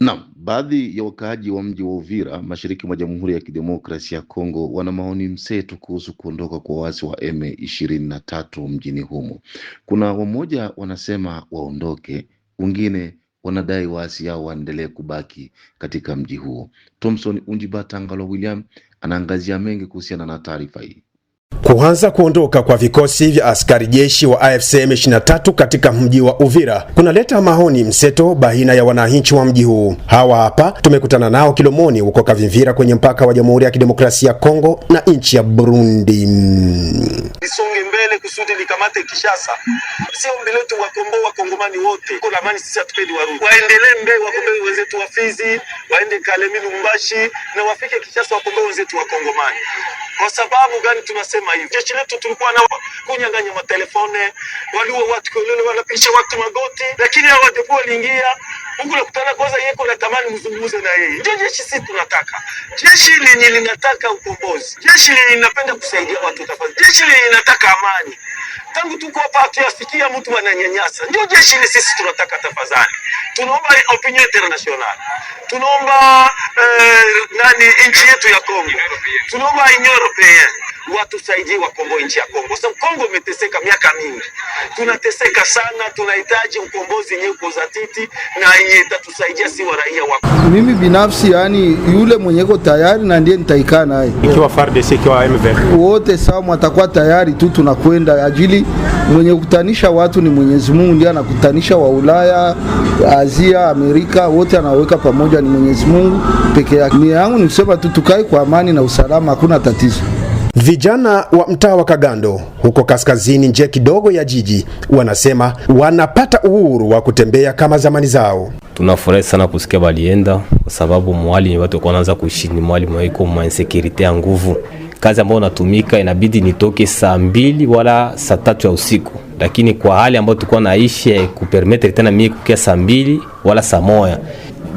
Naam, baadhi ya wakaaji wa mji wa Uvira mashariki mwa Jamhuri ya Kidemokrasia ya Kongo wana maoni mseto kuhusu kuondoka kwa waasi wa M23 mjini humo. Kuna wamoja wanasema waondoke, wengine wanadai waasi yao waendelee kubaki katika mji huo. Thompson Unjibatangalwa William anaangazia mengi kuhusiana na taarifa hii. Kuanza kuondoka kwa vikosi vya askari jeshi wa AFC M23 katika mji wa Uvira kunaleta maoni mseto baina ya wananchi wa mji huu. Hawa hapa tumekutana nao Kilomoni huko Kavimvira kwenye mpaka wa Jamhuri ya Kidemokrasia ya Kongo na nchi ya Burundi. Isonge mbele kusudi likamate Kishasa. Sio mbele tu wakomboa wakongomani wote. Kuna amani sisi hatupendi warundi. Waendelee mbele wakomboe wenzetu wa Fizi, waende Kalemi Lumbashi na wafike Kishasa wakomboe wenzetu wa Kongomani. Kwa sababu gani tunasema hivyo? Jeshi letu tulikuwa na kunyang'anya matelefone, waliua watu kiolele, wanapisha watu magoti, lakini hao wadepo waliingia na kutana kwanza, yeko tamani mzungumze na yeye. Ndio jeshi sisi tunataka, jeshi lenye linataka ukombozi, jeshi lenye linapenda kusaidia watu, jeshi lenye linataka amani. Tangu tuko hapa hatuyasikia mtu ananyanyasa. Ndio jeshi ile sisi tunataka, tafadhali, tunaomba opinion international, tunaomba eh, nani nchi yetu ya Kongo, tunaomba Union European watusaidie wakomboe nchi ya Kongo, sababu Kongo imeteseka miaka mingi, tunateseka sana, tunahitaji mkombozi yenye uko zatiti na yeye atatusaidia, si wa raia wa. Mimi binafsi, yani yule mwenye ko tayari na ndiye nitaikaa naye, ikiwa FARDC ikiwa M23, wote sawa, mtakuwa tayari tu, tunakwenda ajili mwenye kutanisha watu ni Mwenyezi Mungu, ndiye anakutanisha wa Ulaya, Asia, Amerika, wote anaweka pamoja ni Mwenyezi Mungu peke yake. Nia yangu ni kusema tu tukae kwa amani na usalama, hakuna tatizo. Vijana wa mtaa wa Kagando huko kaskazini nje kidogo ya jiji wanasema wanapata uhuru wa kutembea kama zamani zao. Tunafurahi sana kusikia balienda, kwa sababu mwali watu wanaanza kuishi ni mwali mwaiko mwa insecurity ya nguvu. Kazi ambayo natumika inabidi nitoke saa mbili wala saa tatu ya usiku, lakini kwa hali ambayo tulikuwa naishi kupermetre tena mimi kukia saa mbili wala saa moja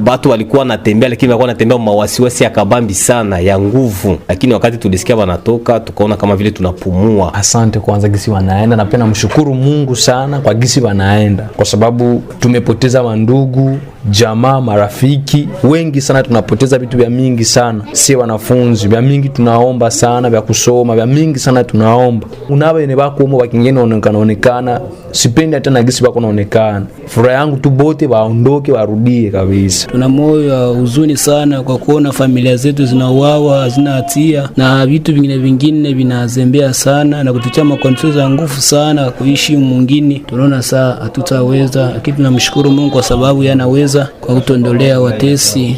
batu walikuwa natembea, lakini walikuwa natembea mawasiwasi ya kabambi sana ya nguvu, lakini wakati tulisikia wanatoka, tukaona kama vile tunapumua. Asante kwanza gisi wanaenda, na pia namshukuru Mungu sana kwa gisi wanaenda, kwa sababu tumepoteza wandugu jamaa marafiki wengi sana, tunapoteza vitu vya mingi sana. si wanafunzi vya mingi tunaomba sana vya kusoma vya mingi sana tunaomba Unawe ni unavene vakuomba vakingeni onekanaonekana, sipendi hata wako naonekana. Furaha yangu tu bote vaondoke varudie kabisa tuna moyo wa huzuni sana kwa kuona familia zetu zinauawa, hazina hatia na vitu vingine vingine vinazembea sana na kututia makondiso za nguvu sana kuishi mwingine. Tunaona saa hatutaweza, lakini tunamshukuru Mungu kwa sababu yanaweza kwa kutondolea watesi.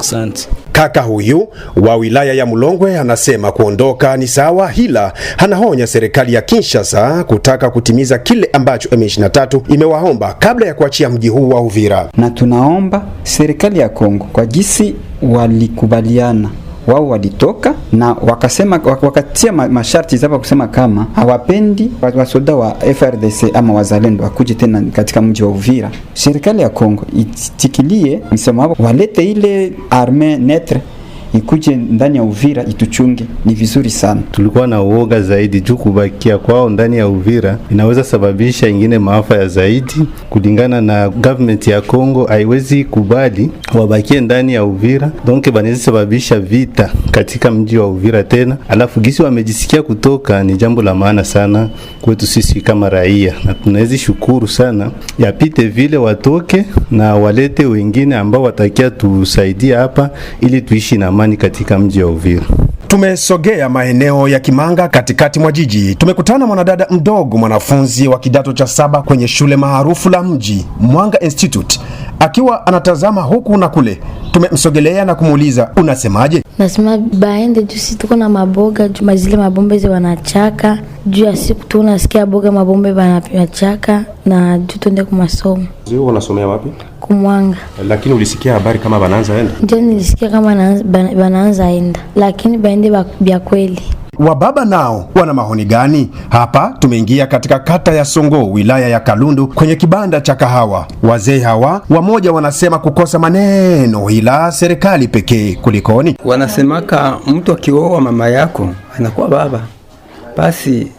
Asante. Kaka huyu wa wilaya ya Mulongwe anasema kuondoka ni sawa, hila anaonya serikali ya Kinshasa kutaka kutimiza kile ambacho M23 imewaomba kabla ya kuachia mji huu wa Uvira. Na tunaomba serikali ya Kongo kwa jinsi walikubaliana wao walitoka na wakasema wakatia masharti zapa kusema kama hawapendi wasoda wa FRDC ama wazalendo wakuje tena katika mji wa Uvira. Serikali ya Kongo itikilie msemo wao, walete ile arme netre ikuje ndani ya Uvira ituchunge, ni vizuri sana. Tulikuwa na uoga zaidi juu kubakia kwao ndani ya Uvira inaweza sababisha ingine maafa ya zaidi. Kulingana na government ya Kongo, haiwezi kubali wabakie ndani ya Uvira, donke banaweza sababisha vita katika mji wa Uvira tena. Alafu gisi wamejisikia kutoka ni jambo la maana sana kwetu sisi kama raia, na tunaweza shukuru sana yapite vile watoke na walete wengine ambao watakia tusaidia hapa ili tuishi na amani katika mji wa Uvira. Tumesogea maeneo ya Kimanga katikati mwa jiji, tumekutana mwanadada mdogo, mwanafunzi wa kidato cha saba kwenye shule maarufu la mji Mwanga Institute, akiwa anatazama huku na kule. Tumemsogelea na kumuuliza unasemaje? nasema baende juu si tuko na maboga juu mazile mabombe ze wanachaka juu ya siku tu nasikia boga mabombe wanachaka na juu tuende kumasomo. Wewe unasomea wapi? Kumwanga. Lakini ulisikia habari kama banaanza enda? Ndio nilisikia kama banaanza enda, lakini baende bya kweli wa baba nao wana maoni gani? Hapa tumeingia katika kata ya Songo, wilaya ya Kalundu, kwenye kibanda cha kahawa. Wazee hawa wamoja wanasema kukosa maneno, ila serikali pekee. Kulikoni? Wanasemaka mtu akioa mama yako anakuwa baba, basi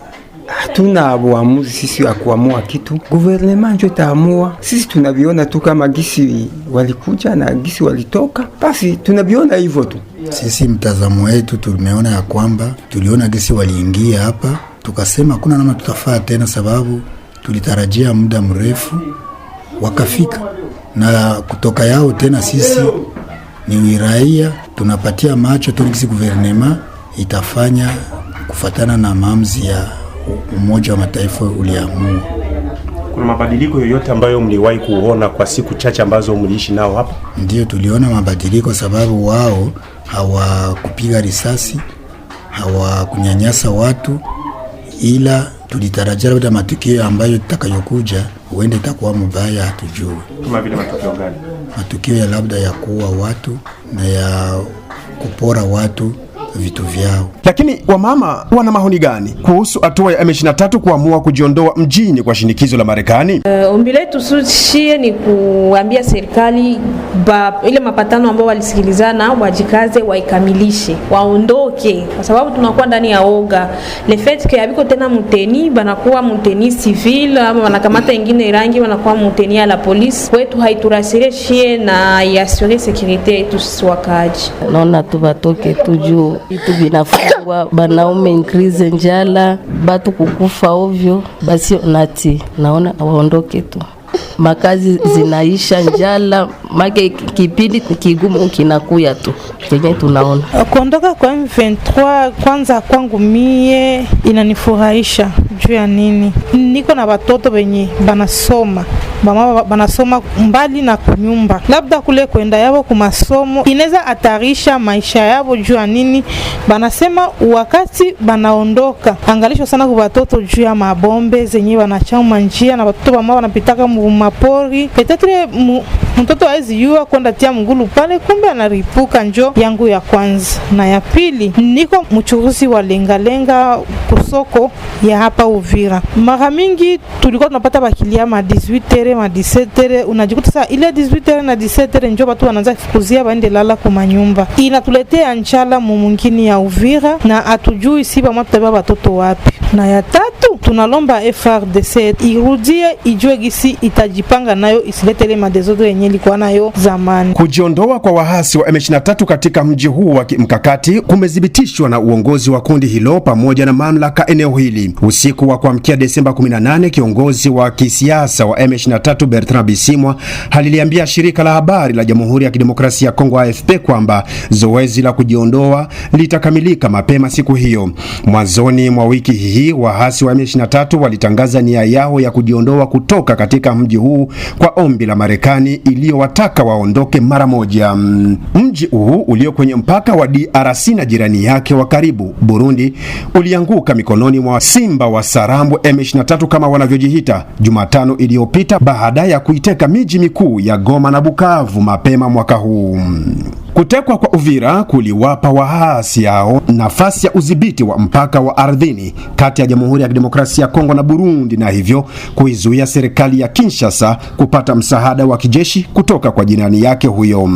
hatuna buamuzi sisi wa kuamua kitu, guvernema njo itaamua. Sisi tunaviona tu kama gisi walikuja na gisi walitoka, basi tunaviona hivyo tu. Sisi mtazamo wetu tumeona ya kwamba tuliona gisi waliingia hapa, tukasema kuna namna tutafaa tena, sababu tulitarajia muda mrefu, wakafika na kutoka yao tena. Sisi ni wiraia tunapatia macho tu gisi guvernema itafanya kufatana na maamuzi ya Umoja wa Mataifa uliamua. Kuna mabadiliko yoyote ambayo mliwahi kuona kwa siku chache ambazo mliishi nao hapa? Ndio, tuliona mabadiliko sababu wao hawakupiga risasi, hawakunyanyasa watu, ila tulitarajia labda matukio ambayo itakayokuja huenda itakuwa mbaya, hatujui. Kama vile matukio gani? Matukio ya labda ya kuua watu na ya kupora watu vitu vyao. Lakini wamama wana maoni gani kuhusu hatua ya M23 kuamua kujiondoa mjini kwa shinikizo la Marekani? Uh, ombi letu sisi ni kuambia serikali ba, ile mapatano ambayo walisikilizana wajikaze, waikamilishe, waondoke, kwa sababu tunakuwa ndani ya oga le fait que yabiko tena muteni banakuwa muteni civil ama wanakamata ingine rangi wanakuwa muteni ya la polisi kwetu, haiturasire shie na yasure sekurite yetu sisi wakaaji, naona tu batoke tujuu vitu vinafungwa, banaume inkrize njala, batu kukufa ovyo, basi nati naona waondoke tu makazi zinaisha njala, make kipindi kigumu kinakuya tu kenye tunaona. Ah, kuondoka kwa M23 kwanza kwangu mie inanifurahisha juu ya nini? Niko na watoto wenye banasoma bamama banasoma mbali na kunyumba, labda kule kwenda yabo kumasomo inaweza atarisha maisha yabo juu ya nini. Banasema wakati banaondoka, angalisho sana kwa watoto juu ya mabombe zenye banachama njia na watoto bamama banapitaka mumapori petetre mu mtoto hawezi yua kwenda tia mgulu pale, kumbe anaripuka. Njo yangu ya kwanza na ya pili, niko mchuruzi wa lengalenga kusoko ya hapa Uvira. Mara mingi tulikuwa tunapata bakilia ma 18 tere ma 17 tere, unajikuta saa ile 18 tere na 17 tere njo watu wanaanza kufukuzia baende lala kwa manyumba, inatuletea nchala mumungini ya Uvira na atujui si bamwa tutabeba batoto wapi. Na ya tatu tunalomba FRDC irudie ijue gisi itajipanga nayo isiletele madezodo yenye ilikuwa nayo zamani. Kujiondoa kwa wahasi wa M23 katika mji huu wa kimkakati kumethibitishwa na uongozi wa kundi hilo pamoja na mamlaka eneo hili. Usiku wa kuamkia Desemba 18, kiongozi wa kisiasa wa M23 Bertrand Bisimwa aliliambia shirika la habari la Jamhuri ya Kidemokrasia ya Kongo AFP kwamba zoezi la kujiondoa litakamilika mapema siku hiyo. Mwanzoni mwa wiki hii wahasi wa M23 23 walitangaza nia yao ya kujiondoa kutoka katika mji huu kwa ombi la Marekani iliyowataka waondoke mara moja. Mji huu ulio kwenye mpaka wa DRC na jirani yake wa karibu Burundi ulianguka mikononi mwa Simba wa Sarambu M23 kama wanavyojihita Jumatano iliyopita baada ya kuiteka miji mikuu ya Goma na Bukavu mapema mwaka huu. Kutekwa kwa Uvira kuliwapa waasi hao nafasi ya udhibiti wa mpaka wa ardhini kati ya Jamhuri ya Kidemokrasia ya Kongo na Burundi, na hivyo kuizuia serikali ya Kinshasa kupata msaada wa kijeshi kutoka kwa jirani yake huyo.